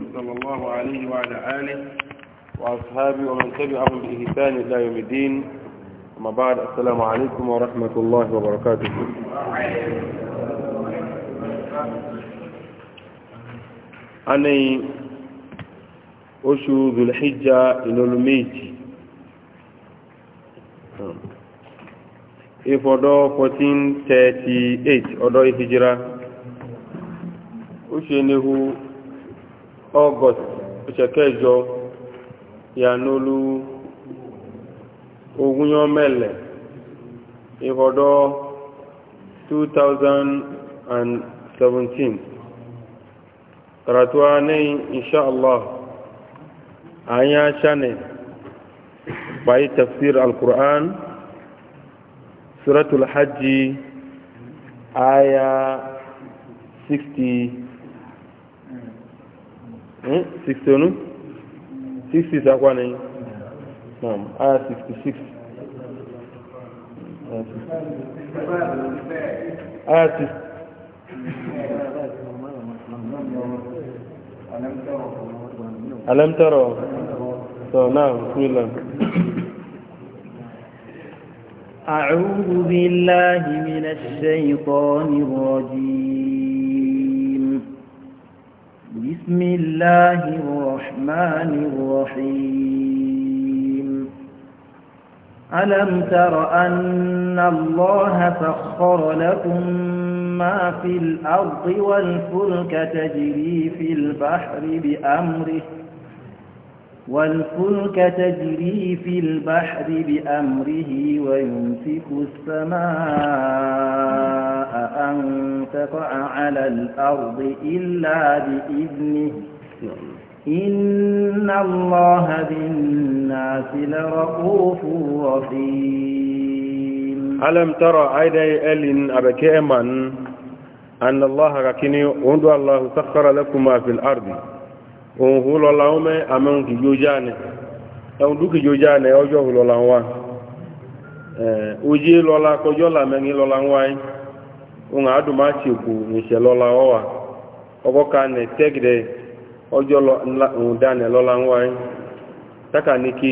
صلى الله عليه وعلى آله وأصحابه ومن تبعهم بإهسان إلى يوم الدين أما بعد السلام عليكم ورحمة الله وبركاته أني أشو ذو الحجة إلى الميت إفضو 1438 أدو إهجرة أشو august ìṣẹ̀kẹjọ yanolu ogunyanmẹ́lẹ̀ ìkọ̀dọ́ 2017 karatuwa ní inṣáàlá àyà ṣánẹ̀ báyí tafsir al suratul hajji aya 60 Hmm? sixty onu sixty sakwa ni naam aya sixty six aya sixty. ألم تروا so now بسم أعوذ بالله من الشيطان الرجيم بسم الله الرحمن الرحيم ألم تر أن الله فخر لكم ما في الأرض والفلك تجري في البحر بأمره والفلك تجري في البحر بأمره ويمسك السماء أن تقع على الأرض إلا بإذنه إن الله بالناس لرؤوف رحيم ألم ترى عيدي أل أبكيما أن الله ركني وندو الله سخر لكم ما في الأرض òun hù lọ́la ó mẹ́ àmẹ́hùn kìí yóò jáàni ẹ̀hùn dúkì yóò jáàni ọjọ́ hù lọ́la wá ojú lọ́la kọjọ́ làmẹ́yìn lọ́la wáyé òun àádùn má ti kù ìṣẹ̀ lọ́la ọwà ọkọ̀ ka ọjọ́ ní kí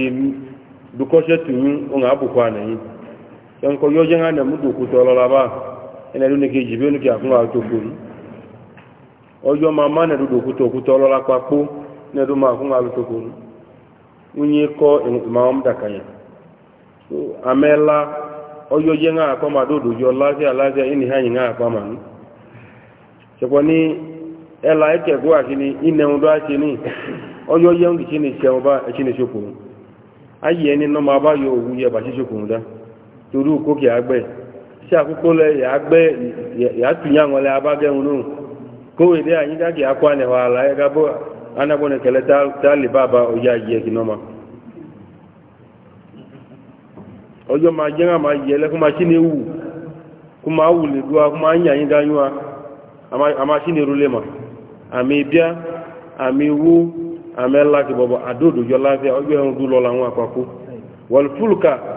dukọ́ṣẹ́ àbùkù hàn mú lọ́la bá ọjọ́ ma má nẹ̀dúdò òkúta òkúta ọlọ́lá papó nẹ̀dú máa fún alùpùpù wúnyẹ kọ́ ìmọ̀ọ́m dàkàyà amẹ́lá ọjọ́ jẹ́ ńlá àpá máa dòdò yọ láti aláṣẹ́ ìní hàyìn ńlá àpá màá ní. ṣùgbọ́n ní ẹ̀la ẹ̀kẹ́gọ́ àṣìní ìnẹ̀hún dọ́ àṣìní ọjọ́ jẹ́ ńlá ìṣìní ṣẹun bá ìṣìní ṣokùn ayé ẹni náà máa bá yọ òwú yẹ dá torí òkókè àgbẹ̀ ṣé àkókò lẹ yàá yàá lẹ náà kowe de anyi dagi akwane wala ya gabo anabone kele tali baba oya ye kinoma ojo ma jenga ma yele kuma chini wu kuma wu le duwa kuma anya anyi danywa ama ama chini rulema ami bia ami wu amela ki bobo adodo jo la fe ojo en du lo la won apaku wal fulka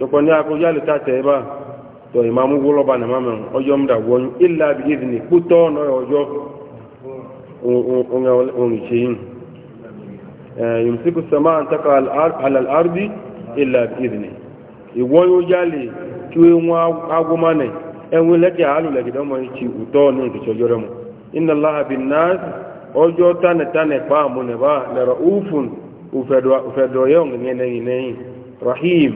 tọkọ ní akójú àlùtà tẹ ẹ bá tọ ìmàmú wọlọba nà máa mẹrun ọjọ ń dà wọnyú ilà bí ìdìní kútọ ọ̀nà ọjọ òun ìṣe yìí yìmùsíkù sọmá àtàkà àlàlárúbí ilà bí ìdìní ìwọ́n yóò jálè kí wọ́n agománẹ̀ ẹ̀wọ̀n lẹ́kẹ̀ àlùlẹ̀kẹ̀ ọmọ ìṣe ìtọ́ ní ìṣẹ̀ṣẹ̀ ọjọ́ rẹ̀ mu iná láàbì náà ọjọ́ tánẹ̀tánẹ̀ pa àmúnẹ̀ bá lẹ̀rọ̀ òfin òfẹ̀dọ̀ yẹ̀ ọ̀gbìn yẹn lẹ́yìn lẹ́yìn rahim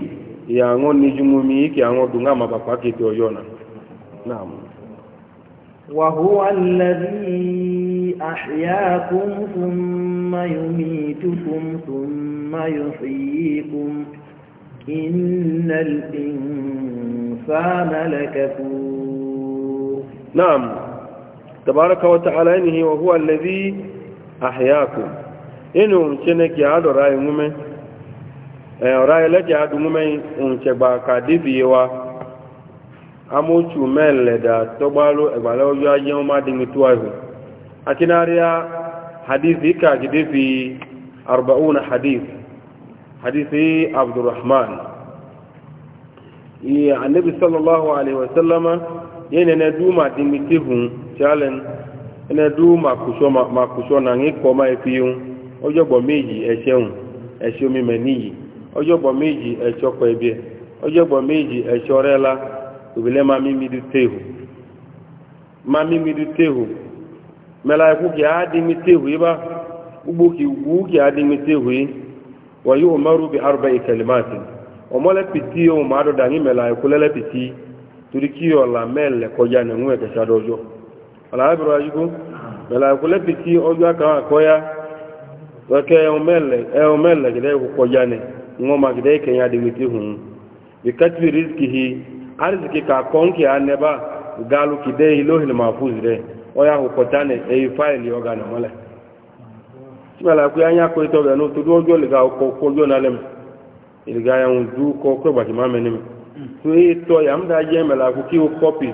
ìyàwó ní jùmúmi kí àwọn dùn àmà bàbá kéèké ọyọ́ náà وهو الذي أحياكم ثم يميتكم ثم يحييكم إن الإنسان لكفور نعم تبارك وتعالى إنه وهو الذي أحياكم إنه كنك يعد رأي ممن Eh, ọ̀rá ẹlẹ́jẹ̀ adùnmọ́mẹ́yìn ǹṣẹ̀gbà kàdébìyẹ wa amóòtù mẹ́lẹ̀dà tọ́gbáló ẹ̀gbàlẹ́ ọjọ́ ajé wọn má dìmí tó àìhù akínáríà hadithi kàgidé fi arbaun hadith hadithi abdulrahman iye anabi sallallahu alaihi wasallama yẹn nẹnẹ dúmà dìmí tihun challenge ẹnẹ dúmà kùsọ nà ń kọ́ máa fi yún ọjọ́ gbọ́ méjì ẹ̀ṣẹ̀ ẹ̀ṣẹ̀ omi mẹ́ níyì ọjọ́gbọ̀ méjì ẹ̀tsọ́ pẹ̀ bí ẹ ọjọ́gbọ̀ méjì ẹ̀tsọ́ rẹ òbílẹ̀ máa mímí du máa mímí du kì á di mi téhù yìí bá gbogbo kì wú kì á di mi téhù yìí wọ́n yóò mẹ́rù bí arúgbó ohun máa dọ̀dà ní torí kí mẹ́lẹ̀ kọjá nìhun kọjá ngo magde ke ya de hun bi katbi rizqihi arziki ka konki aneba galu ki de ilohil mahfuz de oya ko kotane e ga na mole tibala ku anya ko to be do jo ko ko jo na lem ya un du ko ko ba ti ma menim to e to ya mda je mela ku ki o copy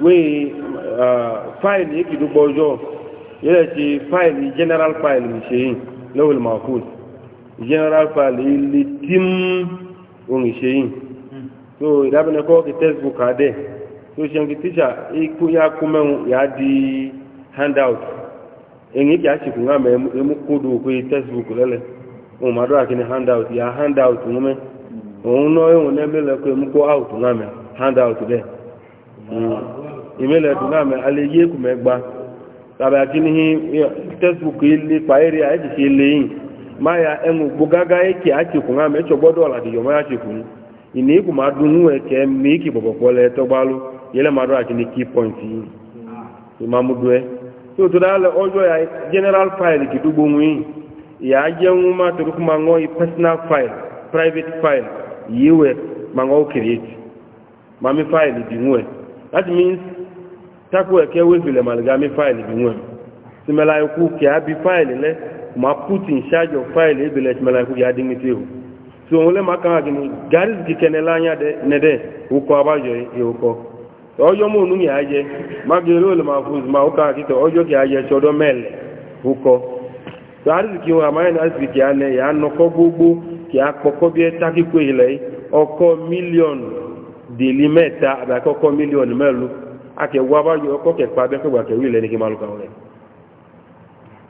we uh, e ki du bojo yele ti general mi sheyin lohil general file ili tim ohun ìṣe yìí so ìdábẹ́nẹ́kọ́ kí textbook adé so ṣe ń kí tíṣà ya yá di handout eni kí a ṣe kún àmẹ́ emú textbook lele ohun màdúrà kí handout ya handout ń mẹ́ òun náà ìwọ̀n lẹ́mẹ́lẹ́ out ń handout dẹ̀ ìmẹ́lẹ̀ dùn textbook ma ya enwu gbogaga eke achekwu nga ma echọgbodo ọla dị yọma ya chekwu ina ikwu ma du nwe ke ma iki gbọgbọkpọla etọgbalụ yele ma dọghachi na key point yi imamudue tí o tó dáálẹ̀ ọjọ́ ya general file kì dúgbò wọ́n ya jẹ́ ń ma tó kúkú máa ń personal file private file yíwẹ̀ máa ń wọ́n create máa mi file dìwọ̀n that means takò ẹ̀kẹ́ wéfìlẹ̀ màlìgá mi file dìwọ̀n sìmẹ́lá ikú kì á bí file lẹ́ ma putin in charge of file ebele chimela ku ya dimiti hu so wole ma kan agini garis ki kenela nya n'ede ụkọ abajọ uko abajo e uko e ojo ya je ma ge ole ma fuz ma uka ki to gị ki aje chodo mel ụkọ so aris ki wa na aris ki ane ya no ko gugu ki akoko bi e ile e oko million deli meta abakoko million melu ake wa abajo oko ke pa be ko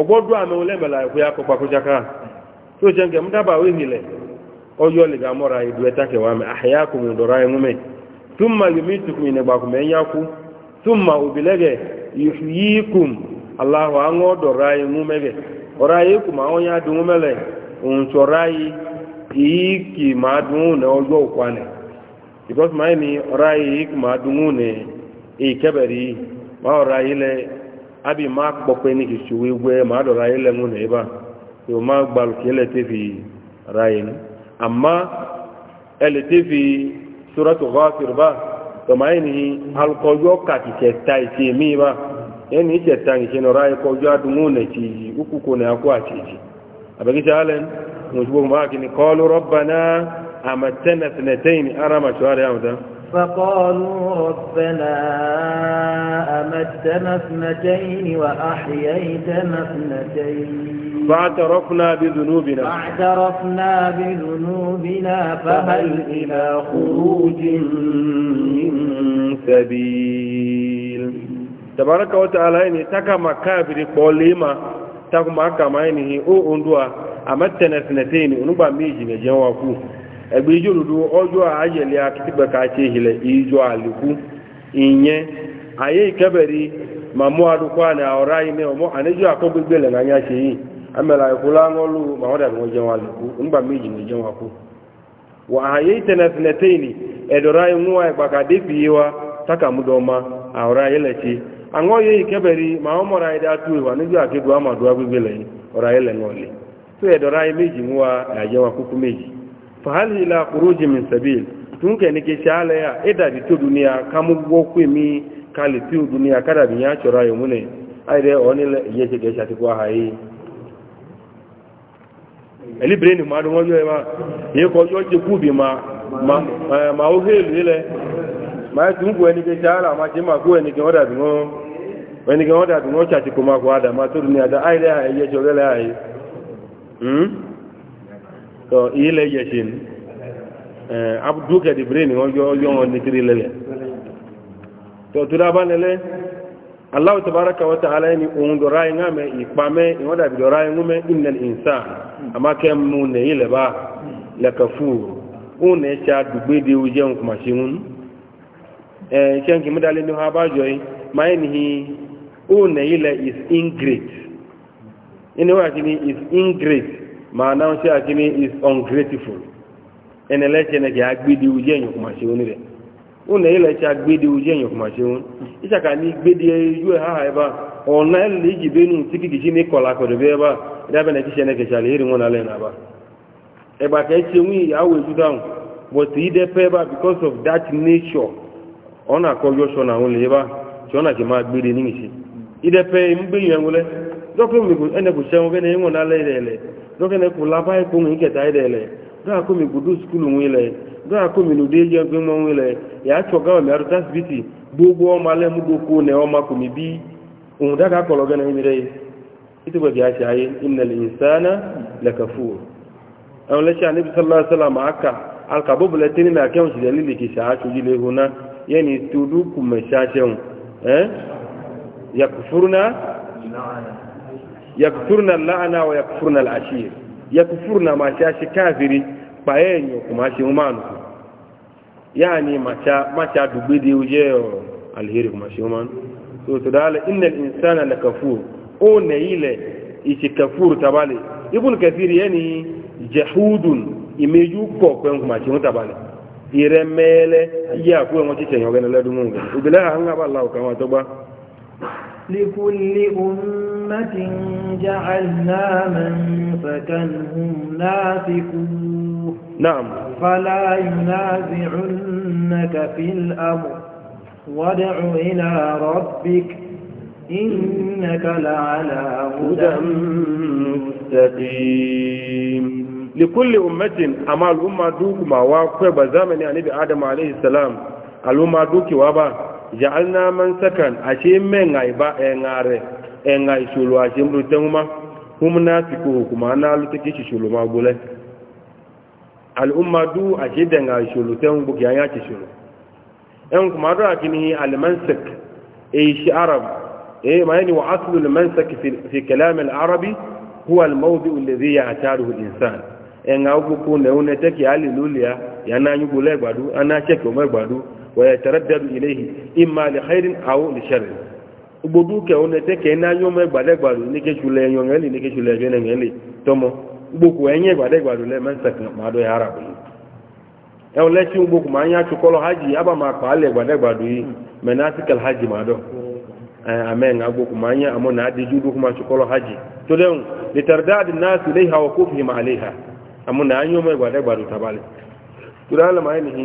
ọgbọdụ ame ole mela ekwu ya kụkpakwụchaka soche nke m daba wehile oyi oliga mụra yi dueta kewa me ahịa kum dora emume tumma yumitukum ine gbakum enyakwu tumma ubilege yuhyikum allahu aṅụ dora emume ge yi kum ma adụ na yi abi ma kpɔkpɛ ni tsutsui wɛ ma dɔ la yɛ lɛ ŋu nɛ yiba yɔ ma gbalu kɛ lɛ tefi ra yɛ ni ama ɛlɛ tefi suratu ghafir ba tɔma yɛ ni alukɔjɔ kakitsɛ ta itse mi ba yɛ ni itsɛ ta itse nɔ ra yɛ kɔjɔ adu ŋu tsi yi uku ko nɛ akɔ atsi yi abegisa alɛ ŋutsu bo ma kini kɔlu rɔbana amatɛnɛ tɛnɛ tɛyin arama tso ari amuta. فقالوا ربنا أمتنا اثنتين وأحييتنا اثنتين فاعترفنا بذنوبنا فاعترفنا بذنوبنا فهل إلى خروج من سبيل تبارك وتعالى إني تكا مكابر قوليما تكا مكابر إني أو أندوا أمتنا اثنتين ونبا ميجي نجاوكو ẹgbẹ́ ijó òdodo ọjọ́ ayẹlẹ akitigbẹ́ ká ṣe ìhìlẹ̀ ijó àlékú ìyẹn ayé ìkẹ́bẹ̀rí màmú adúkọ́ àná ọ̀rá yìí ní ọmọ àníjọ́ àkọ́gbẹ́gbẹ́ lẹ̀ náà ṣe yìí amẹ́la ìkú láńgọ́lù màwọn dàbí wọn jẹun àlékú ayé ìtẹ̀nẹ̀tẹ̀nẹ̀tẹ̀ni wa ìgbàkadé fi yé wa tákàmúdọ́ma àwọ̀rá ayé lẹ̀ ṣe àwọn yìí ìkẹ́bẹ̀rí màwọn mọ̀ra ẹ̀dá tó ìwà níjọ́ àkédùá màdùá gbẹ́gbẹ́ lẹ̀ ọ̀rá ayé lẹ̀ náà lẹ̀ tó ẹ̀dọ̀rá ayé méjì ń wa àyẹ̀wò àkókò méjì fahal ila kuruji min sabil tun ke nike shala ya ida di to kamu gbo mi kali ti dunia kada bi ya chora yo mune ai oni le ye je ge shati kwa hai eli brain ma do yo ma ye ko yo je ku ma ma eh, ma o he ma tun ni ke shala ma je ma ni ke oda bi ngo weni oda bi chati kuma ko ada ma to duniya da aire de ye je ge hmm ile yeshin eh, abduke di brain ojo ojo won ni kiri lele to tura allah tabaraka wa ta'ala ni on do rai ngame ipame won da bi do rai ngume ama kem ile ba la kafur on e cha dugbe de oje on kuma eh ma ṣe akini is ungrateful ẹni lẹ́ṣẹ̀ nẹ̀kẹ́ agbédi ojú ẹ̀yìn kò máa ṣe wọn rẹ̀ wọn nẹ̀yìn lẹ́ṣẹ̀ agbédi ojú ẹ̀yìn kò máa ṣe wọn ìṣàkà ní gbédi ojú ẹ̀ háhà ọ̀nà tí kìkì sí ní kọ̀dọ̀ èrè wọn alẹ́ ẹ̀bà kẹ́ ṣe wọn ìyàwó but dẹ́ pẹ́ bá because of that nature ọ̀nà dɔkɛ ne kula ba ye ga akumi kɛta dɛ lɛ dɔw ko gudu sukulu ŋui lɛ dɔw ko mi nude yɛ gbɛmɔ ŋui lɛ y'a tsɔ gawo mi aro tasibiti gbogbo ɔma lɛ mu do ko nɛ ɔma ko mi bi òun daka kɔlɔ gɛ n'ayi mi dɛ ye ito bɛ bi a tia ye inali insana lɛkɛfu ɛn lɛ tia nebi sallallahu alaihi wa sallam aka alikabo bɛlɛ tini na kɛn si leke le ho na yɛni tudu kumɛ sa sɛn ɛn eh? yakufuruna. yakfurna al-la'na wa yakfurna al-ashir yakfurna ma sha shi kafiri payenyo kuma shi umanu yani macha macha dubidi uje alheri kuma shi umanu so to dala innal insana lakafur o ne ile ichi kafur tabale ibn kathir yani jahudun imeju ko kwen kuma shi tabale iremele ya ko ngo chiche nyoga na ledu mungu ubila hanga ba allah kama to ba لكل أمة جعلنا من فكنهم نافكوه نعم فلا ينازعنك في الأمر وادع إلى ربك إنك لعلى هدى مستقيم لكل أمة أما الأمة دوك ما واقف بزمن يعني بآدم عليه السلام الأمة دوك وابا ja'alna man sakan ashe men ai ba e ngare e ngai shulu ashe mru tenguma humna tiku kuma na lu take shi shulu ma gule al umma du ashe da ngai shulu tengu bu ya ci shulu en eh, kuma do akini al mansak e shi arab e ma yani wa aslu al mansak fi fi kalam al arabi huwa al mawdu alladhi ya'taruhu al insan en ngau bu ku ne une take alilulia yana nyugule gbadu ana cheke mo gbadu ويتردد إليه إما لخير أو لشر gbogbooke ọ̀hún ẹ̀tẹ́kẹ̀ẹ́ náà yọ́ mọ́ ẹgbàdẹ́gbàdù níkẹ́ṣùlẹ̀ ẹ̀yọ̀n ẹ̀lì níkẹ́ṣùlẹ̀ ẹ̀yọ̀n ẹ̀lì tọ́mọ gbogbo ẹ̀yìn ẹgbàdẹ́gbàdù lẹ́mẹ́sẹ̀kì màdọ́ ya ara bìí ẹ̀hún lẹ́tí gbogbo mọ́ ẹgbàdẹ́gbàdù tabalẹ̀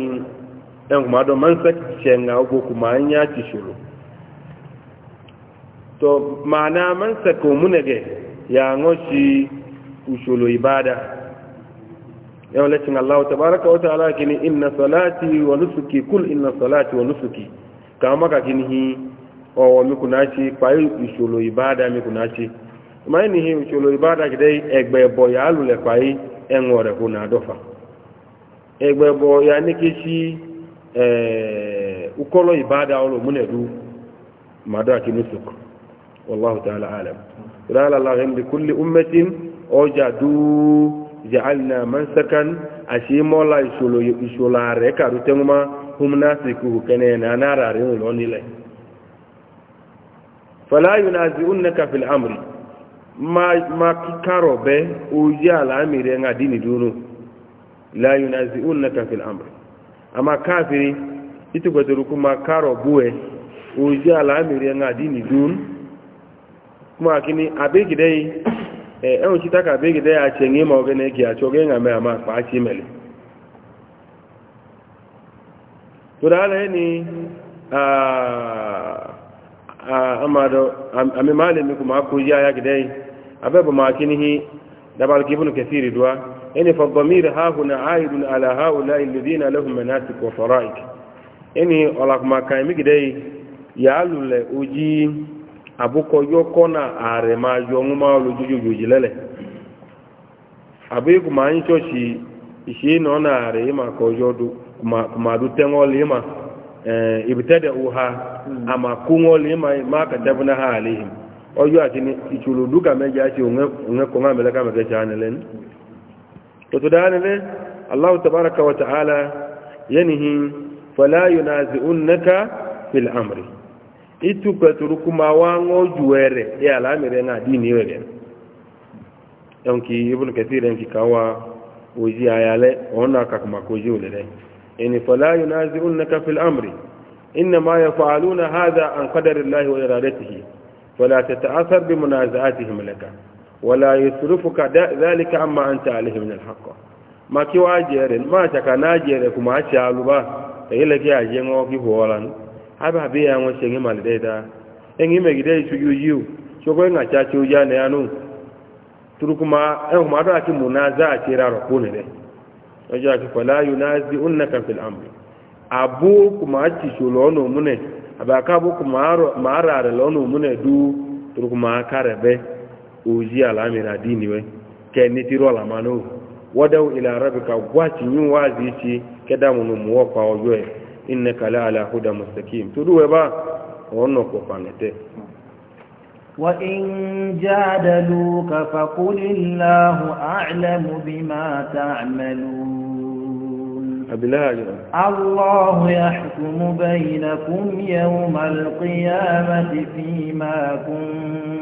ɗan kuma don man sace nga ko kuma an ya ci shuru to ma'ana man sako munage ya ngoshi ushulu ibada yau lacin Allah tabaraka wa ta'ala kini inna salati wa nusuki kul inna salati wa nusuki kama ka kini hi o wa mi kunachi pai ushulu ibada mi kunachi mai ni hi ushulu ibada kidai egbe boya lule pai enwore kuna dofa egbe boya nikishi Eh, ukolo ibada olo munedu mada kinu suk wallahu ta'ala alam qala allah li kulli ummatin ojadu ja'alna mansakan ashi mola isolo isola re karu tenguma humnasiku kene na nara re lo nile fala yunazi'unka fil amri ma ma kikarobe uji ala amire ngadini dunu la yunazi'unka fil amri ama kafiri itu gwadoro kuma karo buwe eh. oji al'amiri nga dini dun kuma kini abegidai eh enwo chitaka abegidai a chenge ma oge na eki acho oge nga me ama pa achi mele to ala ni a amado ami malimi kuma ko ya ya gidai abe ba ma kini hi dabal kibun kathiri duwa يعني فالضمير ها هنا عائد على هؤلاء الذين لهم مناسك وفرائض يعني الله ما كان مجدي يعلو لأجي أبوكو يوكونا عارما يومما لجوجو جلالة أبوكو ما ينشوشي إشي نونا عارما كوجودو كما دو تنغو لما ibtada'uha ama kungo lima ma katabna ha alaihim oyo atini ichuluduka meja ati unge unge konga meleka meja chanelen فتدعان له الله تبارك وتعالى ينهي فلا ينازئنك في الأمر إتوك تركو ما وانو جوير يا إيه الأمر ينا إيه ديني وغير إيه يونك ابن كثير ينكي كوا وزي آيالي وانا كاكما كوزيو إن فلا ينازئنك في الأمر إنما يفعلون هذا عن قدر الله وإرادته فلا تتأثر بمنازعاتهم لك wala yusrifuka ka amma anta alayhi min alhaqq ma ki wajere ma chaka na jere kuma ci aluba ile ki aje ngo ki holan aba bi ya ngo shenge malideda engi megide yu yu nga cha ya ne anu turukuma eh da ki munaza a tira ro kune de oja ki fala yunazi unnaka fil amri abu kuma ci shulo mune abaka bu kuma mara re lo mune du ozi alamira dini we ke nitiro alamano wadau ila rabbika gwati nyun wazi ci keda munu muwa kwa oyo e innaka la ala huda mustaqim tuduwe ba onno ko panete وإن جادلوك فقل الله أعلم بما تعملون الله يحكم بينكم يوم القيامة فيما كنتم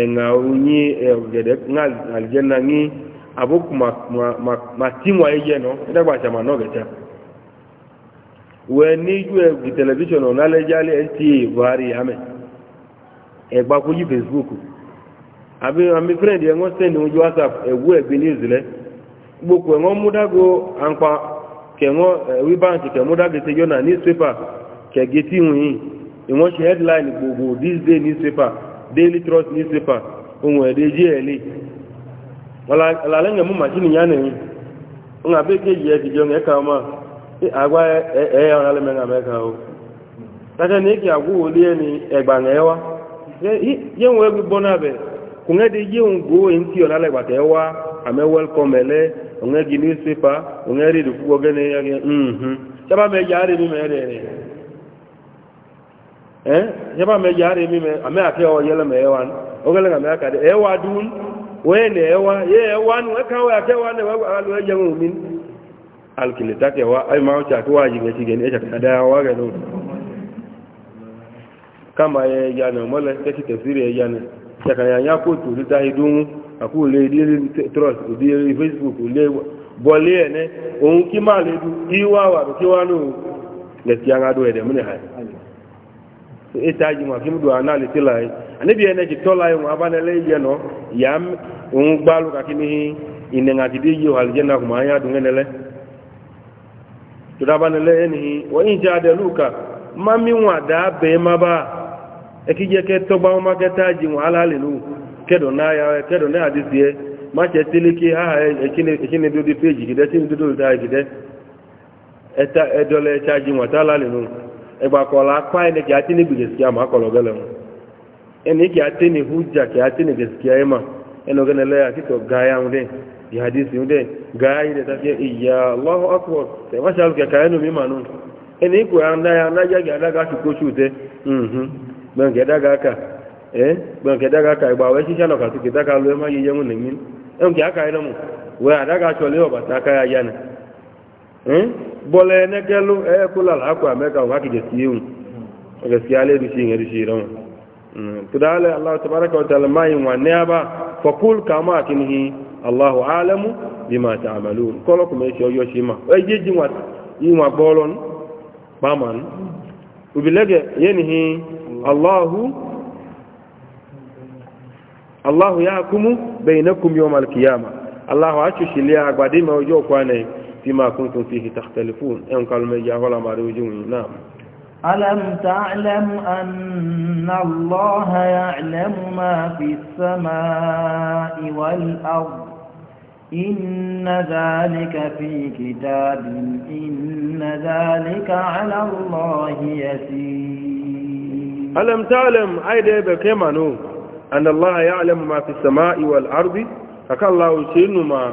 ẹ̀ǹgà onye ọ̀gẹ̀dẹ̀ àlìjẹ́nà ní àbúkù ma tíwọ̀n ẹyẹ nọ ẹ̀dẹ́gbàṣà ma náà gẹ̀ta wẹ́ ní ju ẹ̀gbì tẹlifíṣọ̀nù ọ̀nàlẹ́jálẹ̀ nta buhari amẹ́ ẹ̀gbàkú e yí facebook àbí àmì fírẹ̀ndì ẹ̀wọ́n sẹ́ni ojú whatsapp ẹ̀wú ẹ̀gbì ní ìzìlẹ̀ gbogbo ẹ̀wọ́n múdágo àǹpa kẹ̀wọ́n wí báǹkì kẹ̀múdágo newspaper kẹ̀gẹ́ tí wọ́n yìí ìwọ́n headline this day newspaper daily trust newspaper ohun ẹ̀dẹ́ jẹ́ ẹ̀lẹ́ ọ̀làlẹ́yìn mú màṣínì yá nìyí ń àbẹ́ kéjì ẹ̀ dìjọ ẹ̀ka ọmọ àgbá ẹ̀yà ọ̀rọ̀ alẹ́mẹ́rin àmẹ́ka o tàṣẹ ní kí àgbówò lé ẹni ẹ̀gbà ẹ̀ wá yẹ́wọ̀n ẹgbẹ́ gbọ́ bẹ̀ kò ń tí ọ̀nà alẹ́gbà wá àmẹ́ ẹ̀lẹ́ ẹ̀gì newspaper ẹ̀rẹ́ eh yaba me yare mi me ame ake o yele me ewan o gele ga me aka de ewa dun we ne ewa ye ewa nu aka we ake wa ne wa alu eje mu min alkile take wa ai ma o cha ko aji ngeti gene eja ta da wa ga no kama ye ya no mole ke ti tafsiri ye ya ne ya kan ya ya ko tu ri ta idun aku le di trust di facebook le bole ne ohun ki ma le du iwa wa ki wa nu le ti anga do ede mu ne ha eta ji ma kim do anali tilai ani bi ene ji tolai abana le ye yam un ka kini ine nga ti di yo aljanna kuma ya dun enele to da bana le eni wa in de luka ma mi be ma ba ke to ba ma ke ta ji mu alali lu ke na ya ke na adisi e ma che tiliki ha e kini do di page tin egbakọla akpa ene ke atene bi gaskiya ma e akọlọ gele mu ene ke atene hujja ke atene gaskiya ema eno gene le akito gaya unde di hadisi unde gaya ile ta ke iya allahu akbar te wa shal ke kayenu mi ma nu. ku anda ya na ya ga daga su ko chute mhm ben ke daga ka eh ben ke daga ka ba we shi shalo ka ti ke daga lo ma ye yemu ne min en ke aka ile mu we adaga chole obata ka ya bọ́lẹ̀ ẹnẹ́kẹ́lú ẹ́ẹ̀kúlà láàkù àmẹ́kà wà kìí jẹ̀sí bí máa ta àmàlú kọ́lọ́kùnmẹ́ṣẹ́ ọyọ́ ṣe máa ẹjẹ́ jíwà ìwà bọ́ọ̀lọ́n òbílẹ́gẹ̀ yá kúmú bẹ̀yìnẹ́kùnmí ọmọ alkiyama àgbàdé mẹ́ ọjọ́ فيما كنتم فيه تختلفون ان قال من جاء ما نعم ألم تعلم أن الله يعلم ما في السماء والأرض إن ذلك في كتاب إن ذلك على الله يسير ألم تعلم أيضا بكما أن الله يعلم ما في السماء والأرض فقال الله سينما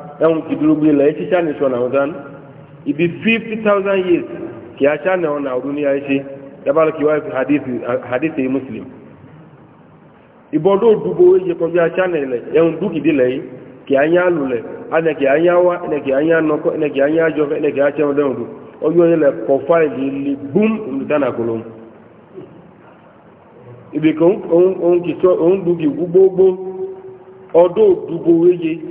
ẹ̀hún ti la ya lẹ̀ ẹ́ a ní sọ̀nà ibi fifty years kì á ṣá náà náà ọdún ní àìṣe yabala kì wá hadithi muslim ìbọ̀dọ̀ òdúgbò oye kọjá ṣá náà lẹ̀ ẹ̀hún dúkìdí lẹ̀ anya kì á yá lù lẹ̀ kì á yá wá ẹnẹ̀ kì á yá kì á yá kì á ọjọ́ fáìlì lè òun dúkì òdúgbò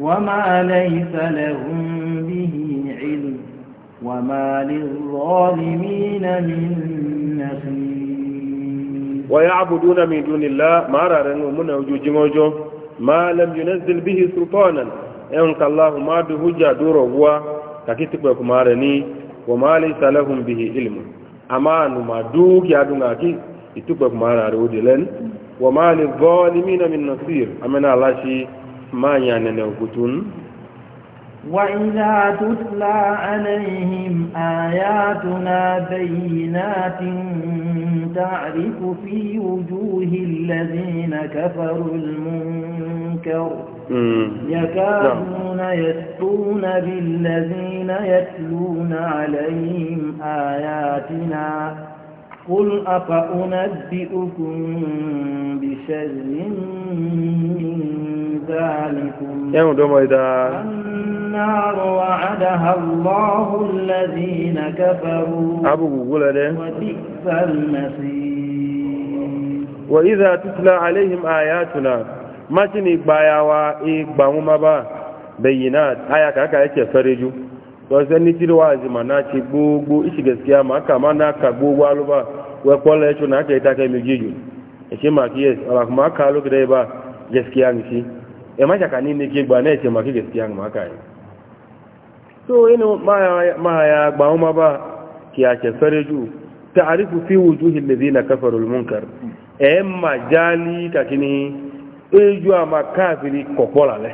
وما ليس لهم به علم وما للظالمين من نصير ويعبدون من دون الله ما رأوا من وجوجهم ما لم ينزل به سلطانا ẹ̀hùnkà aláhùn máa dùn hujjá dúró wá kàkítí pẹ̀kù máa rẹ̀ ní wọ máa lè sàlẹ̀hùn bí i ilmù a máa nù máa dúkì adùn àti ìtúpẹ̀kù máa rẹ̀ àríwò dìlẹ́ni wọ máa lè gọ́ ní mínàmínà sí àmẹ́nà aláṣí ما يعني وجدون وإذا تتلى عليهم آياتنا بينات تعرف في وجوه الذين كفروا المنكر يكادون يسطون بالذين يتلون عليهم آياتنا قل أفأنبئكم بشر من ذلكم النار وعدها الله الذين كفروا وبئس المصير وإذا تتلى عليهم آياتنا ما تني بايا وإيقبا ومبا بينات آية كاكا يكفرجوا وزني تلوازي ما ناتي بوغو إيش غسكيا ما كما ناكا بوغو ألوبا wekpɔlɔ etso na ake ta ke mi dzi dzo etse ma ki yes ɔlɔ kuma ka alo kete ba geskia ŋuti ema tsaka ni ne ke gba ne etse ma ki geskia yi so ene ma ya ma ya gba wo ma ba ki a tse fere ju taarifu fi wuju hilevi na kafaru munkar e ma jali kakini eju ama kaafiri kɔkpɔla lɛ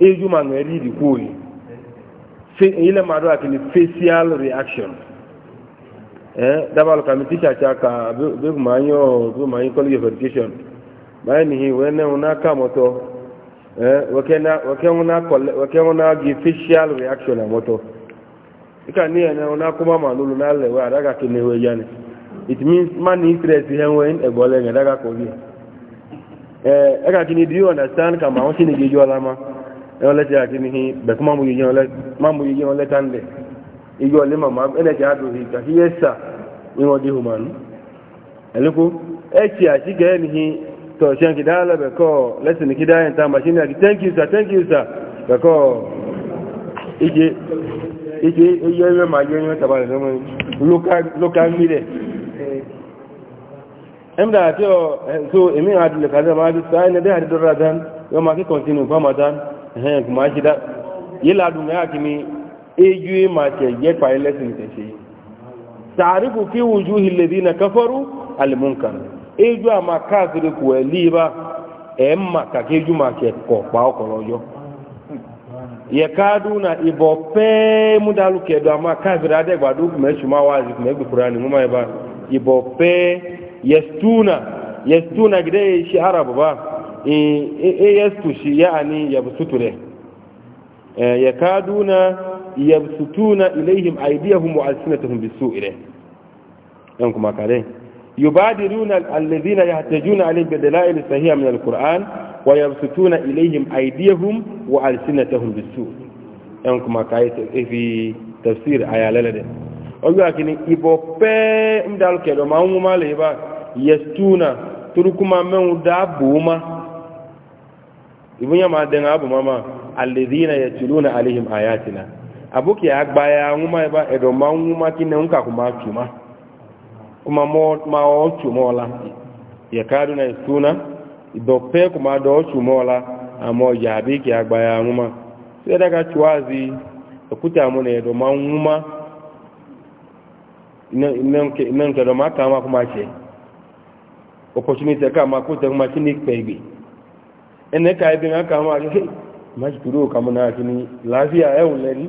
eju ma ŋɛri di kuoyi ile ma akini facial reaction. eh dabal kam tisha cha ka be ma yo be ma yo college verification mai ni wene una moto eh wakena ke wakena gi official reaction moto ika ni ene una kuma manulu na lewe adaga ya ni. it means man interest henwe en egole nge daga ko ye eh eka kini do you understand kama on sini gi jo ma. e eh, ole ti akini be kuma mu yi ole mamu yi ole tande ijo le mama ene ti adu hi ka yesa iwon di human eliku e ti ati ge ni hi to shan ki dala be ko lesson ki da enta machine ki thank you sir thank you sir be ko ije ije iye me ma yo ni ta ba le mo local local mire emda ati o so emi adu le kaza ma adu sai ne de adu radan yo ma ki continue fa madan ehe kuma shi da yila du ga kimi eju ma ke je pa lesson te shi ta'rifu fi wujuhi alladhina kafaru almunkar eju ma kafiru ku liba e ma ka ke ju ma ke ko pa okorojo ye kaduna ibo pe mudalu ke do ma kafiru ade gbadu me shuma wazi me gbe qur'ani mu ma e ba ibo pe yastuna yastuna gide e shi arabu ba e, e yastu shi yani yabsuture eh, yakaduna yabsutuna ilayhim aydiyahum wa alsinatahum bisu ile yan kuma kare yubadiruna alladhina yahtajuna alayhim bi dalail sahiha min alquran wa yabsutuna ilayhim aydiyahum wa alsinatahum bisu yan kuma kare fi tafsir ayalalade oyo akini ibo pe mdal kedo ma umu male ba yastuna turukuma men da buma ibun ma den abu mama alladhina yatluna alaihim ayatina abuki agbaya nwuma ebe edoma nwuma kine nka kuma chuma kuma ma o chumola ya kadu na istuna idope kuma do chumola amo ya abiki agbaya nwuma sai daga chuwazi okuta mu na edoma nwuma ina nke edoma aka ma kuma ce opportunity ka ma kuta kuma kini pegbe ene ka ibi na aka ma ke ma na kini lafiya ehun leni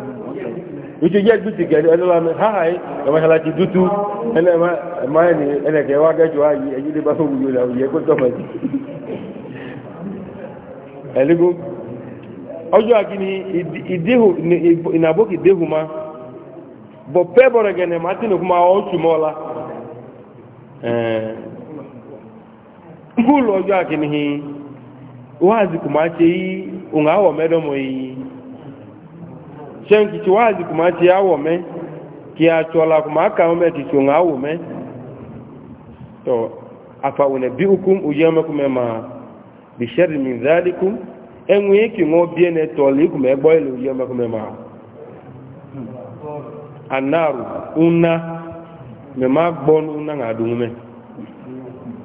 ìjọ jẹ́ gbèsè gẹ̀ẹ́dẹ́ ẹlọ́lá mi háàí ẹ̀mọ́ṣáláṣí dúdú ẹlẹ́mọ̀ẹ́ni ẹlẹ́gẹ̀ẹ́ wá gẹ́jọ ayé ẹ̀yí lè bá fún wùyọ ìlà òyẹ́ pẹ́tọ́ mẹ́jì ẹ̀lẹ́gbó ọjọ́ àkíní ìnàbókì déhù ma bọ̀ pẹ́ bọ̀rẹ̀ gẹ̀ẹ́nẹ̀ máa tí nìkú máa ọ̀tù mọ́ọ́lá ẹ̀ẹ́ ọjọ́ àkíní chenki chiwazi kumati yawo me kiachola kumaka ome tichunga awo me to afa unabiukum ujama kumema bishari min dhalikum enwe yiki ngo biene toli kumegbo ile ujama kumema annaru una mema gbon una ngadume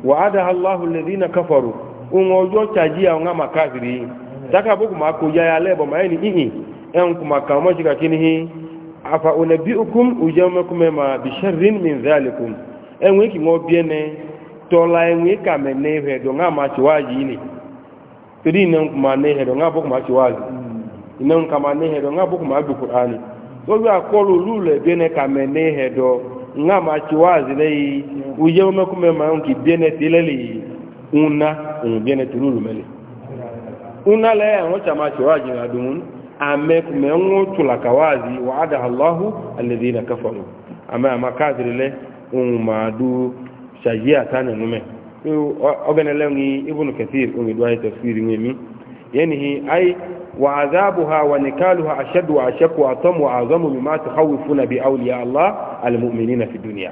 wa'adaha Allahu na kafaru ungojo chajia ngama kafiri taka buku makuja ya lebo maeni ihi yan kuma kama shi kakin hi afa unabiukum ujamakum ma min enwe ki bie ne enwe ka me ne he do nga ma waji ne kuma ne he do nga bo bi qur'ani bi akolu lule ne ka me ne he do nga hmm. ma ti waji ne yi ma on ki ne amekume ŋutu la kawazi wa ada allahu alladhina kafaru ama ama kadri le umma du shajia tane nume ogene le ngi ibn kathir ngi dwai tafsiri ngi mi yani hi ai wa adhabuha wa nikaluha ashaddu wa ashaqu wa atamu wa azamu mimma tukhawifuna bi awliya allah almu'minina fi dunya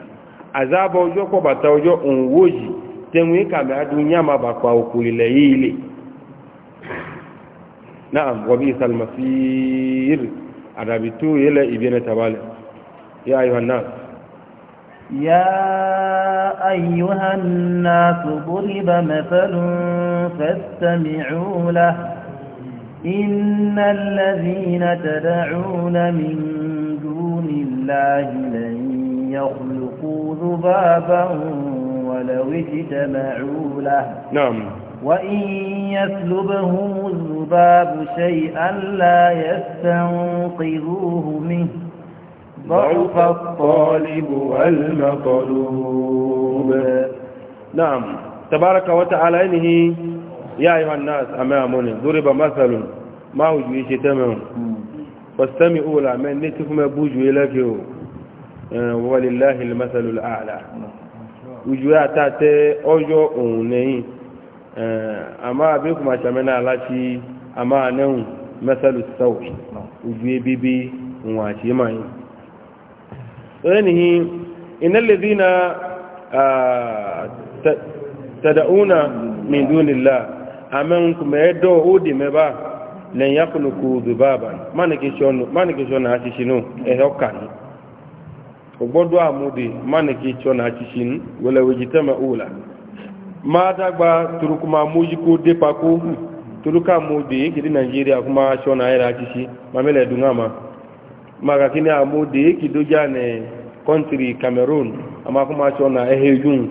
azaba ojo ko bata ojo unwoji tenwe ka ma dunya ma ba kwa okulile ile نعم wa المصير salmasir arabitu yela ibiyana tabale يا أيها الناس يا أيها الناس ضرب مثل فاستمعوا له إن الذين تدعون من دون الله لن يخلقوا ذبابا ولو اجتمعوا له نعم وإن يسلبهم الذباب شيئا لا يستنقذوه منه ضعف الطالب والمطلوب نعم تبارك وتعالى إنه يا أيها الناس أمامنا ضرب مثل ما هو جيش تمام فاستمعوا لا من نتفهم بوجه لك ولله المثل الأعلى وجوه تاتي أجو أونين amma abin kuma shame na alaci amma nan masalu sau ujuye bibi wace mai tsanihi inan lalzina tada'una min dunillah amen kuma ya dawa odi me ba len yakuluku zubaban manike shonu manike shonu ha shishinu e hokani ogbodo amudi manike shonu ha shishinu wala wajitama ma'ula máa dágba turukuma mójúkó dépakó turuka mòdè kìdí nàìjíríà kó máa ṣọ́ náírà kìsí mamílẹ̀ dùnàmà màkà kí ní àmòdè kìdójá cameroon àmà kó máa ṣọ́ náà ẹ̀hẹ́ yún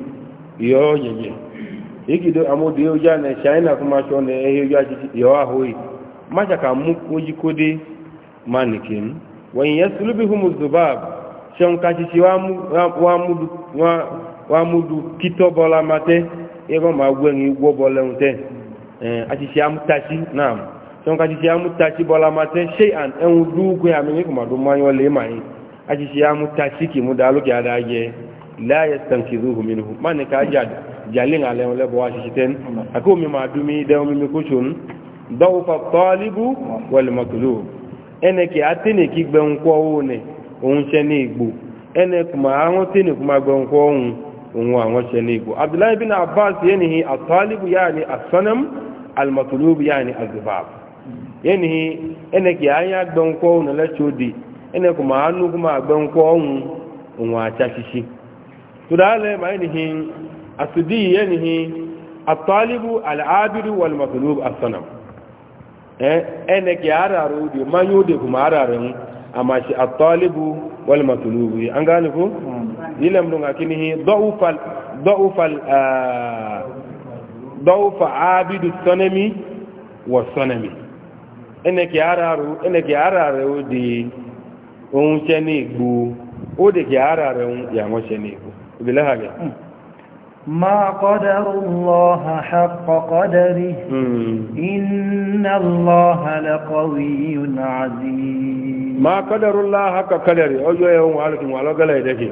ìyọ́ yẹ̀yẹ̀ ìkìdó àmòdè ojá ní china kó na ṣọ́ ní ẹ̀hẹ́ yóò àti ìyọ́ àhóyè máṣàkà mú mójúkó wa ego ma gwenye igwo bole nte eh, achịcha ya mụtachi na tọn ka achịcha ya mụtachi bọla mate she an enwu dukwe ya do ma yi ga la yastankizuhu minhu ka jalin ale bo ten ma dumi de omi mi kuchun dawfa talibu wal matlub ene ki ki gbe ni igbo ene gbe nwa nwace n'igbo abdullahi bin abbas yanihi at-talibu yani a sanam al ya yani a zubab yanihi ene ki anya don na la chodi ene kuma anu kuma don ko nwa shishi to dale ma yanihi asudi yanihi at-talibu al wal an ilem dunga kini hi da'ufal da'ufal ah, da'ufa abidu sanami wa sanami ene ki araru ene ki araru e di ohun se ni o de ki araru e ya mo se ni igbo bilaha ga ما قدر الله حق قدره إن الله لقوي عزيز ما قدر الله حق قدره أجو يوم عليكم وعلى قلعي دكي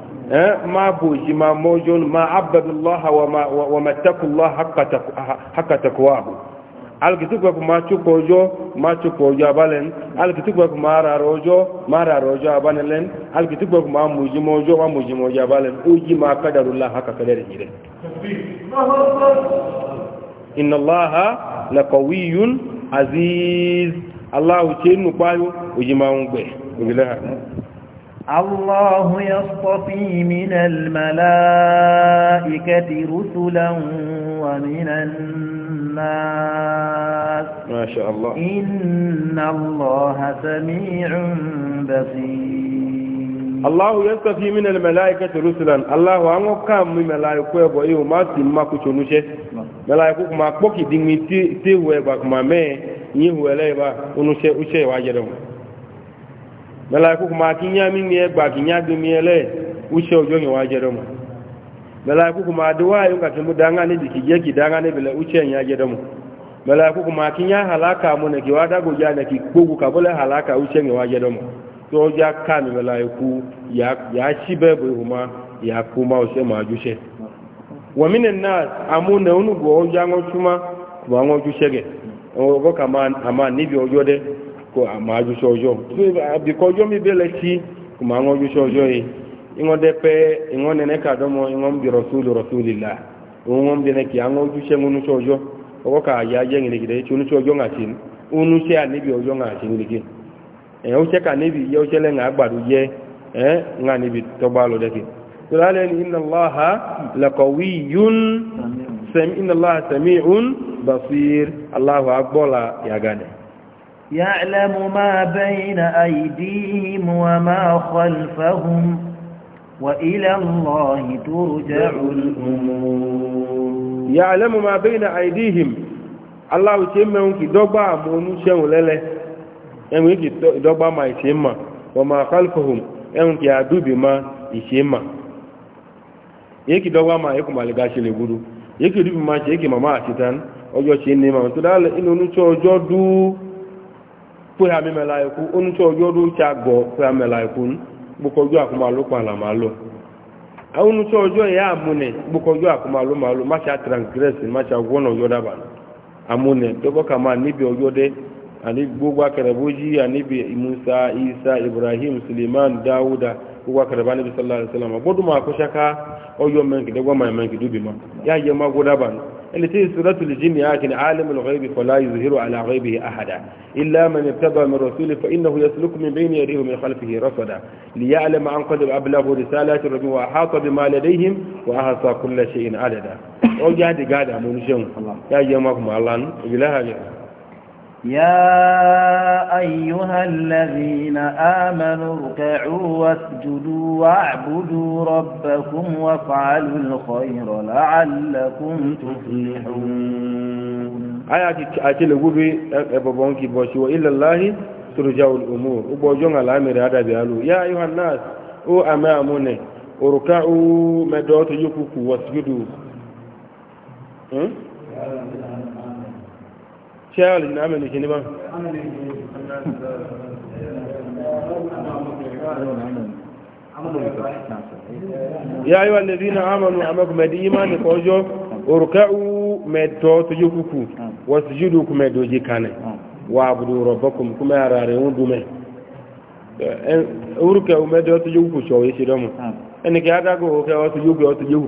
Eh, ma boji ma mojon ma abdadullaha wa mattakullaha haka takwahu alkitukwa kuma chukwa ojo ma chukwa ojo abalen alkitukwa kuma arara ojo ma arara ojo abanelen alkitukwa kuma mujima ojo ma mujima ojo abalen uji ma kadarullah haka kadari hire inna allaha la qawiyyun aziz allah ce nu kwayo uji ma ngbe ubilaha الله يصطفي من الملائكة رسلا ومن الناس ما شاء الله إن الله سميع بصير الله يصطفي من الملائكة رسلا الله أنه كان من ملائكة يبقى ما سمى كتنوشه ملائكة ما كوكي دين تيوه بك ما مي يهوه ليبا ونوشه وشه واجرهم mẹ́la ikú kùmà kí nyá mímí ẹgbà kì nyá gbé mi ẹlẹ́ úṣẹ́ òjò yìí wá jẹ́dọ̀ mọ̀ mẹ́la ikú kùmà àdúwà yóò kàtí mú dáńgá níbi kì jẹ́ kì dáńgá níbi lẹ́ úṣẹ́ yìí jẹ́dọ̀ mọ̀ mẹ́la ikú kùmà kí nyá hàlákà mú nà kì wá dágò já nà kì gbógu kàbọ́lẹ̀ hàlákà úṣẹ́ yìí wá jẹ́dọ̀ mọ̀ tó já ká mi mẹ́la ọjọ́ ko ma ju sojo bi ko jo mi bele ko ma ngo ju sojo yi ingo de pe ingo ne ne ka do mo bi rasul rasulillah bi ne ki ango ju se ngunu sojo o ka ya je ngini gide nu nga tin unu se ani bi nga tin e o se ka ni bi ye o se le nga agbadu je nga ni bi to ba lo de ki qulale inna allaha laqawiyyun يعلم ما بين أيديهم وما خلفهم وإلى الله ترجع الأمور يعلم ما بين أيديهم الله يتمم كي دوبا مونوشن لله ẹ̀mù yìí kì dọ́gba ma ìṣe mà wọ́n ma kálífọ̀hùn ẹ̀mù kì ma ìṣe mà ma ẹ̀kùn màlìgá ṣe lè gbúdú ma ṣe mama kì màmá àṣetán ọjọ́ ṣe ní màmá tó dáa inú oníṣẹ́ kpụrụ amị mela ekwu onụcha ọjọ ọrụ uche agọ kpụrụ amela ekwu alụ akwụmalụ kpala malụ onụcha ya amụne gbụkọjọ akwụmalụ malụ macha transgresi macha gwọ n'ọjọ daba amụne dọkọ kama nibi ọjọ dị gbogbo isa ibrahim suleiman dawuda gbogbo akẹrẹ níbi sallallahu alaihi wasallam ma kó ṣaka ọyọ mẹnkì dẹgbọmọ mẹnkì dúbi ma yá yẹ ma gbọdọ bá التي سورة الجن لكن عالم الغيب فلا يظهر على غيبه أحدا إلا من ابتغى من رسوله فإنه يسلك من بين يديه ومن خلفه رصدا ليعلم عن قد أبلغ رسالات ربه وأحاط بما لديهم وأحصى كل شيء عددا أو جاد قاعد أمون يا جماعة الله إلها يا أيها الذين آمنوا اركعوا واسجدوا واعبدوا ربكم وفعلوا الخير لعلكم تفلحون آياتك أتلو بي وإلا الله ترجع الأمور وبوجون الأمر هذا بيالو يا أيها الناس أو أمامون اركعوا مدوت يكوكو واسجدوا ṣẹ́yàlì ní àmì nìkí níbá ya yi wa lèzi na amonu amakumadi imani kọjọ oruka'u mẹtọ tó yí kúkú wasu jídù kuma doji kanẹ wa abudu rọ̀bọ̀kùn kuma yara rẹ̀ ń dúmẹ̀ oruka'u mẹtọ tó yí kúkú ṣọ̀wé ṣe dọ́mù ẹni kí adágún òkè ọtú yókù ọtú yókù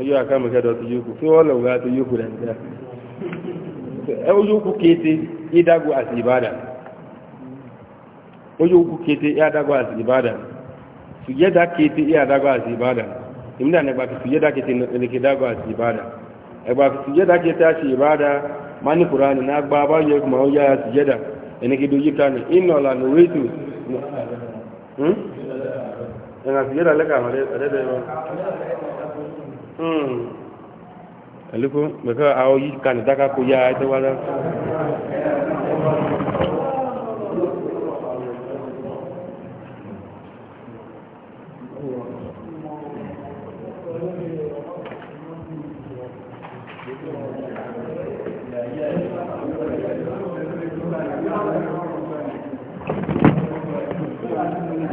ọjọ́ eh, akámọ̀ṣẹ́dọ̀ tó otu tí wọ́n lọ̀wọ́ tó yókù rẹ̀ eh, ojókù kéte ìdágbò àti ìbádà ojókù kéte ìdágbò àti ìbádà sùjẹ́dá kéte ìdágbò àti ìbádà ìmúdà nígbà fi kéte ìdágbò àti ìbádà ẹgbà fi kéte àti ìbádà ní abáyọ aliko mɛka awo yi kan daka ko ya ɛtɛ wala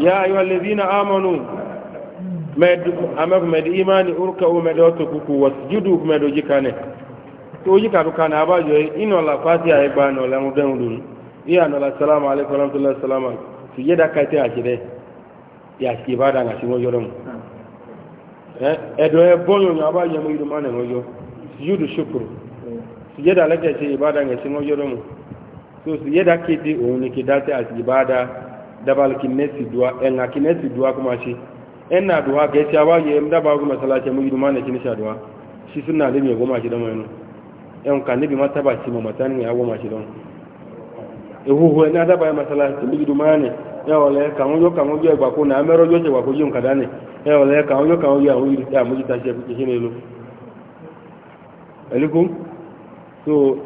يا أيها الذين آمنوا med amek med imani urka u med oto kuku wasjudu med ojikane to ojika du kana jo ino la fatiha e ba no la muden dun iya no la salamu alaikum warahmatullahi wabarakatuh ti yeda ka ti ajire ya ki da na simo yoron hmm. eh edo e bonyo na abajo mo idu mane ngoyo sujudu shukru sujeda lake ti ibada nga simo yoron so sujeda kiti o ni kidate as ibada dabal kinesi dua en akinesi dua kuma shi yan na duwa ga yace ba ya m ba goma salace mu giduma ne kin sha duwa shi sunna ne mai goma shi da mai yan ka nabi mata ba shi mu mata ya goma shi don ehu na da ba ya masalace mu giduma ne ya wala ka mu ka mu e ba ko na mero yo ba ko ya wala ka mu ka mu ya mu ta shi ne lo alikum so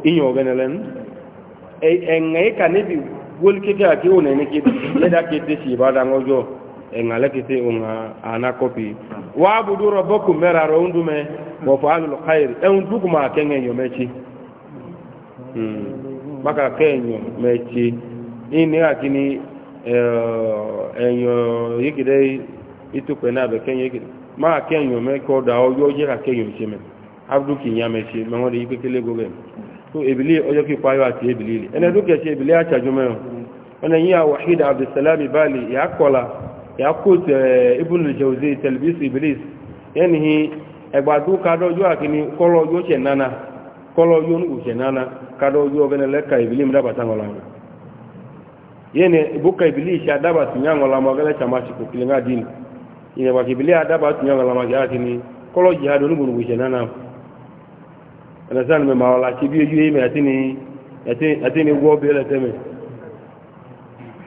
ka nabi gol ke ga ke wona ne da ke te shi ba engalekisi unga ana kopi wabudu rabbakum mera rondume wa fa'alul khair en dukuma kengen yo mechi hmm maka kenyo mechi ini akini eh, enyo yikide itupe na be kenyo yikide ma kenyo me ko da o yo ka kenyo chime abdu kinya mechi me ngode yipekele gogen to ibili ojo ki payo ati ibili ene duke che ibili acha jume ona yi ya wahid abdussalam bali ya kola ya quote eh, ibn al-jawzi talbis iblis yanhi egbadu kado jo akini kolo jo chenana kolo jo nu chenana kado jo gene leka iblim da batangola yene buka iblis adaba tunyangola magale chamachi kukilinga dini ine wa kiblia adaba tunyangola magale akini kolo ni nu bu chenana ana san me mawala kibiyo ju ime atini atini atini wo bele teme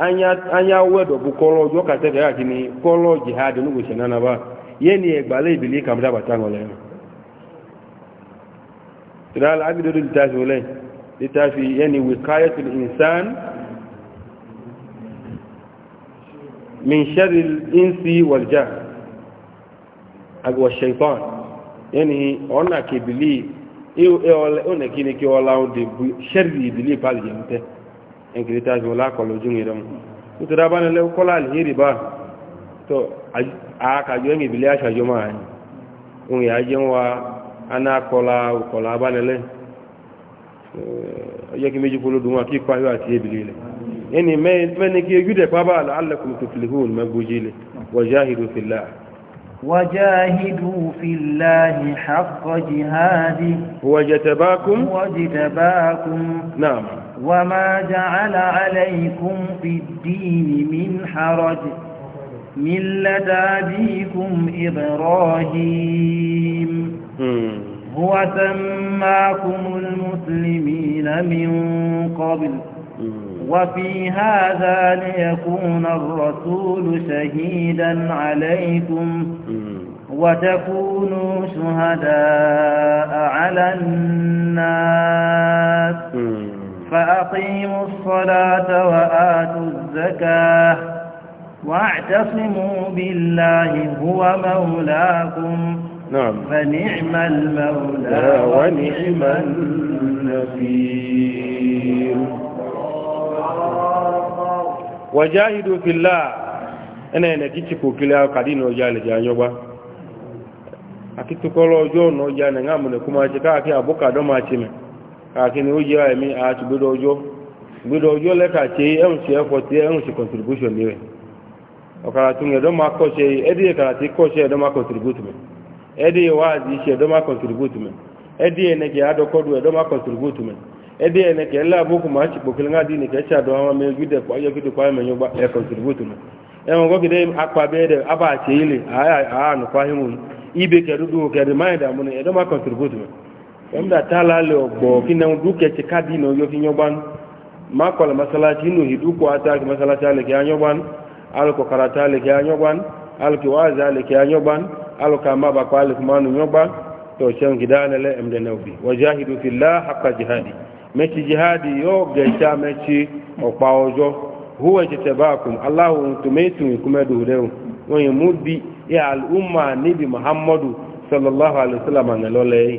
anya wedo bụ kọlọ ọjọọ ka tega ya gịnị kọlọ jihad n'ugbochi na anaba ye ni egbala ibili ka m dabata n'ụlọ ya tìrala agidodo litafi ole litafi ye ni wikayatul insan min sharri insi wal jan wa shaitan yani ona kibili e ona kini ki ola on enkiri ta fi wala kwallo jin idan mutu da ba na lai kwallo alheri ba to a kajo yin ibili a shajo e e ma ne un ya jin wa ana kwallo kwallo ba na lai ọjọ́ kí méjì kúrò dùnmọ́ وجاهدوا في الله حق جهاده هو وجتباكم نعم وما جعل عليكم في الدين من حرج ملة أبيكم إبراهيم هو سماكم المسلمين من قبل وفي هذا ليكون الرسول شهيدا عليكم وتكونوا شهداء على الناس فأقيموا الصلاة وآتوا الزكاة واعتصموا بالله هو مولاكم نعم فنعم المولى ونعم النصير وجاهدوا في الله أنا أنا كيتشكو كلا قدين وجال جانيوبا akitukọlọ ọjọ́ ọ̀nà ọjà nìyàmù nìkú máa ṣe káàkiri àbúkà dọ́mà kakini o jẹ́ ẹ̀mí emi a ọjọ́ gbẹ́dọ̀ ọjọ́ lẹ́ka ṣe ẹ̀hùn sí ẹ̀fọ́ tí ẹ̀hùn sí contribution lé rẹ̀ ọ̀kàrà tún ẹ̀dọ́ máa kọ́ ṣe ẹ̀dí ẹ̀kàrà e tí kọ́ ṣe ẹ̀dọ́ máa contribute mẹ́ ẹ̀dí e contribute mẹ́ ẹ̀dí ẹ̀nẹ̀kẹ̀ e adọ́kọ́dù ẹ̀dọ́ máa contribute contribute mẹ́ ẹ̀wọ̀n gọ́gídé apàbẹ́ẹ̀dẹ̀ abà àṣẹ ilẹ̀ àánùkwáhìmù yamda ta le ogbo kina duke ti kadi no yo fi nyoban ma ko masalaci no hidu ko masalaci ale ke anyoban al karata ale ke anyoban al ki waza ale ke anyoban ma ba to shan emde jihadi mechi jihadi yo mechi opa ojo huwa ya al umma muhammadu sallallahu alaihi wasallam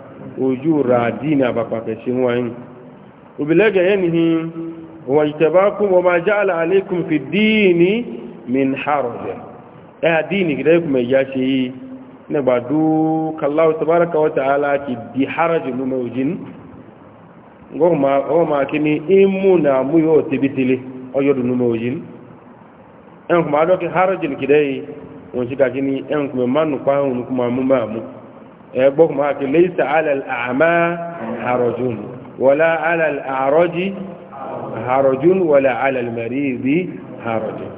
ojú ra dínà àbàpàkẹ̀ ṣe wáyé òbílẹ́gẹ̀ yẹn ni wọ́n ìtẹ̀bá kún wọ́n máa já àlà àlékún fi min ẹ̀ àdíìní kìdẹ́ kùmẹ̀ ya ṣe yìí nígbà dú tabaraka wa ta'ala di harajù nù mẹ́wòjìn ni na amu ẹgbọ́kùn máa kí lẹ́sà alàl'àmá àrọ̀jún wọlá alàl'àrọ̀jí àrọ̀jún wọlá alàl'mẹ̀rìbí àrọ̀jún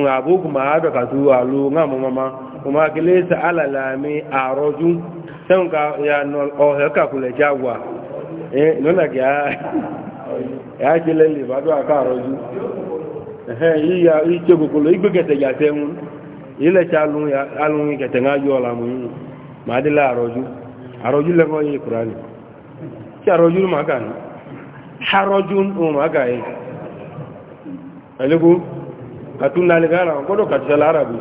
ń àbúkùn máa dọ̀kàtú àlú ńàmù mama kuma kí lẹ́sà alàlàmí àrọ̀jún sẹ́nkà ìyànà ọ̀hẹ́ kàkùlẹ̀ jáwà lọ́nà kí a ṣe lẹ́lẹ̀ ìbádọ́ àkàrọ̀jú ẹ̀hẹ́ yíya ìṣẹ́gbogbo ìgbẹ́gẹ̀tẹ̀ yàtẹ̀ ń ilẹ̀ tí alùnrin kẹtẹ̀ ń ajọ́ ọ̀làmù yìí ma dé láàrọ̀jú àrọ̀jú lẹ́kọ́ yìí kùránì tí àrọ̀jú máa kà ní àrọ̀jú ohun máa kà yìí ẹ̀lẹ́gbó kàtúnnalẹ̀ gára ọgbọ́dọ̀ kàtúnṣẹ́ lárabù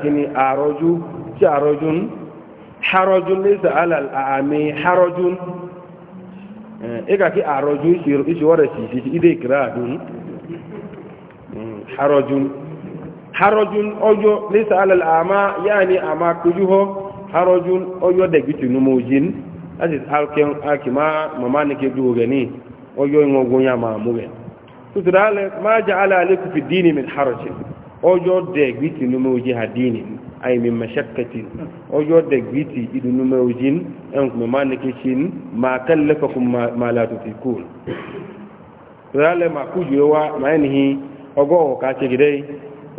ti ni àrọ̀jú tí àrọ̀jú àrọ̀jú lẹ́sẹ̀ àmì àrọ̀jú ikaki àrọ̀jú si sí ìdè ìkìrá àdún haroju. harajun ojo lisa alal ama yani ama kujuho harajun ojo da gitu numujin asis alken akima mama ne ke duho gani ojo ngogo ya ma muwe tutrale ma ja'ala alaykum fi dini min haraj ojo de gitu numuji hadini ay min mashakkati ojo de gitu idu numujin en kuma ma ne ke chin ma kallafakum ma la tutikun tutrale ma kujuwa ma yanhi ogo ka ce gidai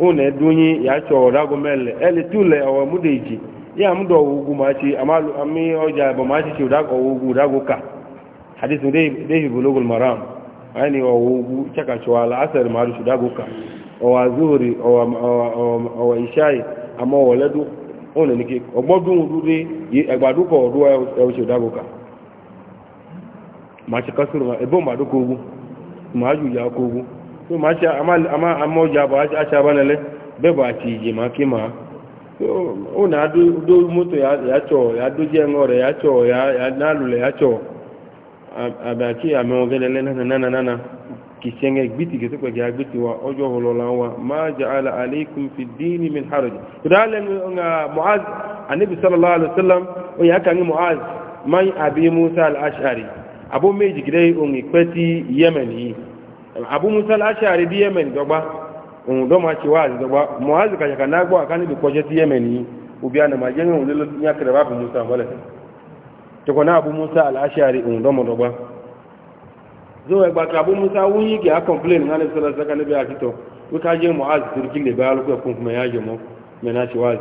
Ona edunyi ya cho dago mele ele tule o mudeji ya mudo ugu machi amalu ami oja bo machi chi dago ugu dago ka hadithu de dai bulugul maram yani o ugu chaka chwala asar maru chi dago ka o azuri o o ishai ama waledu ona niki ogbodun dure egbadu ko do e chi dago ka machi kasuru ebo maduko ugu maju ya ko ugu so ma cha amal ama amo jabo acha banale beba ti je ma ki ma so una do do moto ya ya cho ya do je ngore ya cho ya ya nalule ya cho abaki ame gelele na na na na kisenge gbiti ke ko ga gbiti wa ojo holola wa ma ja'ala alaykum fi din min haraj dalen abu musa al-ashari bi yemen dogba un do ma ci wazi dogba muazi ka kana gbo akani bi koje ti yemen ni ubi ana ma jenyo lelo nya kere babu musa wala to kona abu musa al-ashari un do mo dogba zo e ka abu musa wuyi ki a complain ngale sala saka ne bi akito ko ka je muazi turki le ba lu ko kuma ya je mo me na ci wazi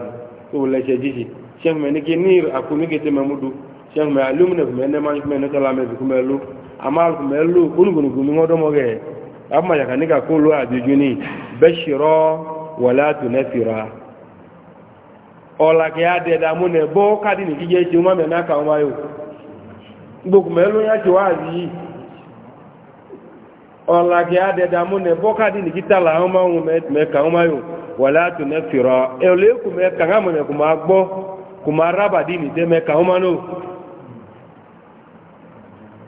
to le ce jiji shem me ni ki nir akunu ke te mamudu shem me alumne me ne ne kala me ku me lu amalu mɛlu kunukunukunu ŋɔdɔmɔgɛ abuma yaka ne ka kolo adujuni bɛsirɔ wala tunɛsira ɔlakɛ adɛda mu nɛ bɔ kadi ni kidze tsi ma mɛ n'aka wa yio gboku mɛlu ya tsi wa azi ɔlakɛ adɛda mu nɛ bɔ kadi ni kita la ɔma ŋu mɛ mɛ ka ɔma yio wala tunɛsira ɛlɛ kumɛ kanga mɛ kuma gbɔ kuma raba di ni dɛmɛ ka ɔma n'o.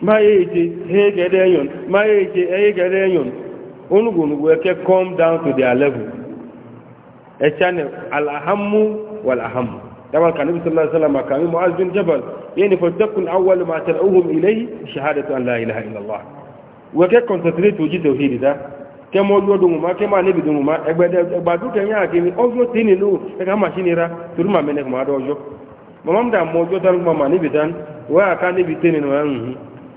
he mayeje hegede yon mayeje hegede yon we eke come down to their level echane alhammu wal aham. kama kan nabi sallallahu alaihi wasallam kan muaz bin jabal yani fatakun awwal ma tad'uhum ilayhi shahadatu an la ilaha illa allah weke concentrate uji tauhid da kemo yodo mu ma kema nabi dun ma egbede egbadu kenya kini ojo tini lu e ka machine ra turma mene ma dojo mamam da mojo tan mama nabi dan wa ka nabi tini no anhu mm-hmm.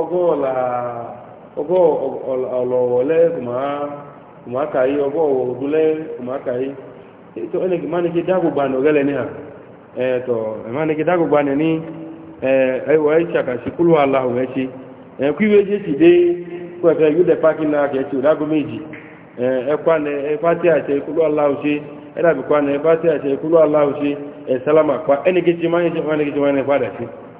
ọgọ́ ọ̀la ọgọ́ ọ̀lọ̀wọ̀lẹ́ kùmákàyí ọgọ́ ọ̀dúnlẹ́ kùmákàyí tó ẹni kì máa ní kí dágbògbà nì ọ̀gẹ́lẹ̀ ní à ẹ̀ẹ̀tọ̀ ẹ̀má ní kí dágbògbà nì ní ẹwọ̀ ẹ̀ṣàkàṣí kúrò aláhùn ẹ̀ṣe sì dé pákí náà méjì àṣẹ kúrò ṣe àṣẹ kúrò ṣe pa padà sí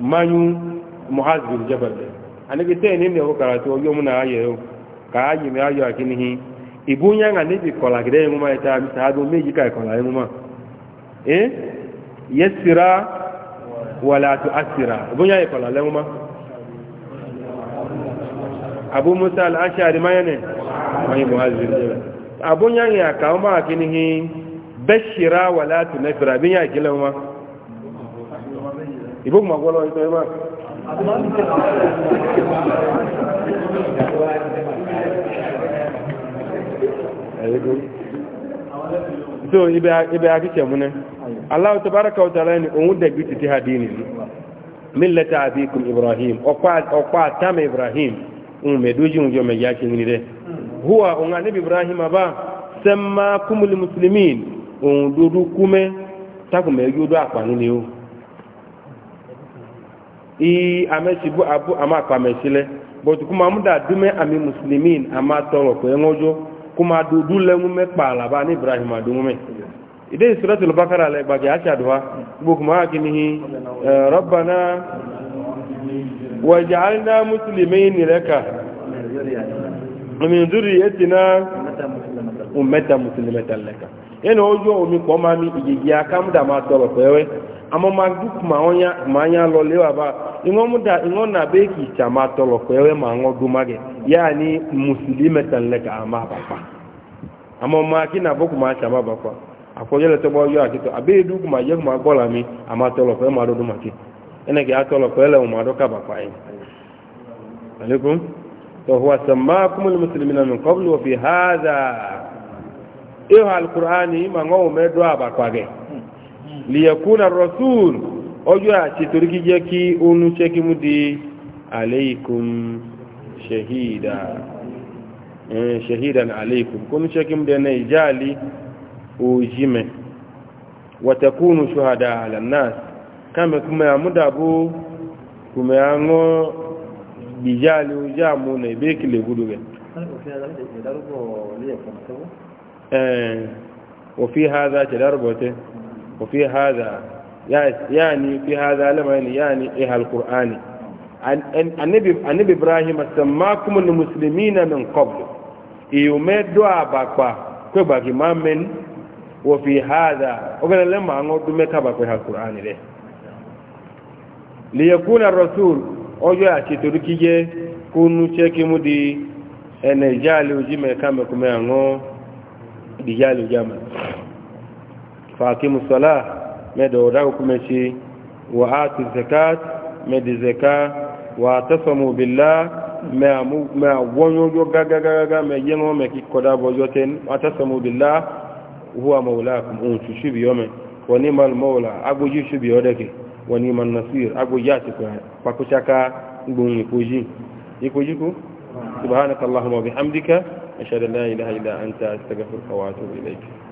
mayu muhaz bin jabal annabi sai ne ne ko karatu yo muna ayo ka ayi mi ayo akinihi ibunya nga ne bi kola gide mu ma ta mi sahabu meji kai kola mu ma eh yassira wala tu'assira ibunya ya kola mu ma abu musa al-ashari mayane mayu muhaz bin jabal abunya ya ka ma akinihi bashira wala tunfira binya kilama ìbò mọ̀ gbọ́dọ̀ ìtọ́ ẹ máa. so ibe akice mu ne allahu tabaraka wa ta'ala ni ohun da gbiti ti hadini ni millata abikum ibrahim ọkwa tama ibrahim ohun mai doji ohun jọmọ ya ṣe ni de huwa ohun anabi ibrahim ba sẹ́mà kúmùlì musulmi ohun dodo kúmẹ́ takùmẹ̀ yóò dọ́ àpànú ni o ii amesi bụ abụ ama akpamesile bụtụ kuma mụ da dume ami muslimin ama tọrọ kwe ŋojo kuma dudu le ŋume kpala ba ni ibrahim adu ŋume ide suratul bakara le gbage asi aduwa gbogbo kuma akinihi e, rabbana waj'alna muslimin laka min zurriyatina ummatan muslimatan laka ene ojo omi kpọma mi igigi aka mụ da ma tọrọ kwewe ama ma du kuma onya kuma anya lo lewa ba ingo muda ingo na be ki chama tolo kwewe ma ngo gumage yani muslimatan laka ama papa ama ma kina boku ma chama ba kwa akoje le tobo yo akito abe du kuma je kuma gola mi ama tolo kwewe ma do do make ene ki atolo kwewe ma do ka ba kwa ene alaikum to huwa sammakum almuslimina min qabl wa fi hadha iyo alqur'ani ma ngo liyakuna rasul ọjọ́ àti torí kí jẹ́ kí ounú ṣe kí mú di aleikum shahida shahidan aleikum kúnú ṣe kí mú di ẹ̀nà ìjáàlì òjìmẹ̀ wàtàkùnù ṣuhada alannas kàmẹ̀ kúmẹ̀ àmúdàbó kúmẹ̀ àwọ́ ìjáàlì ojá mú na ìbékìlẹ̀ gúdù rẹ̀ وفي هذا تدربته وفي هذا يعني في هذا لما يعني إيه القرآن النبي النبي إبراهيم سماكم المسلمين من قبل يمدوا بقى تبقى من وفي هذا وقال لما أنقض متى بقى القرآن له ليكون الرسول أجوا أشتركيه كونوا شكموا دي أنا جالي وجمع كم كم أنقض دي جالي وجمع فاقيموا الصلاة مدى ودعوكم شيء وآتوا الزكاة مدى زكاة واعتصموا بالله ما ونيو غاغاغا ما ينو ما كي كودا بوجوتين واعتصموا بالله هو مولاكم ان تشبي يوم ونعم المولى ابو يشبي يودك ونعم النصير ابو ياتك فكشكا غوني كوجي يكوجيكو سبحانك اللهم وبحمدك أشهد أن لا إله إلا أنت أستغفرك وأتوب إليك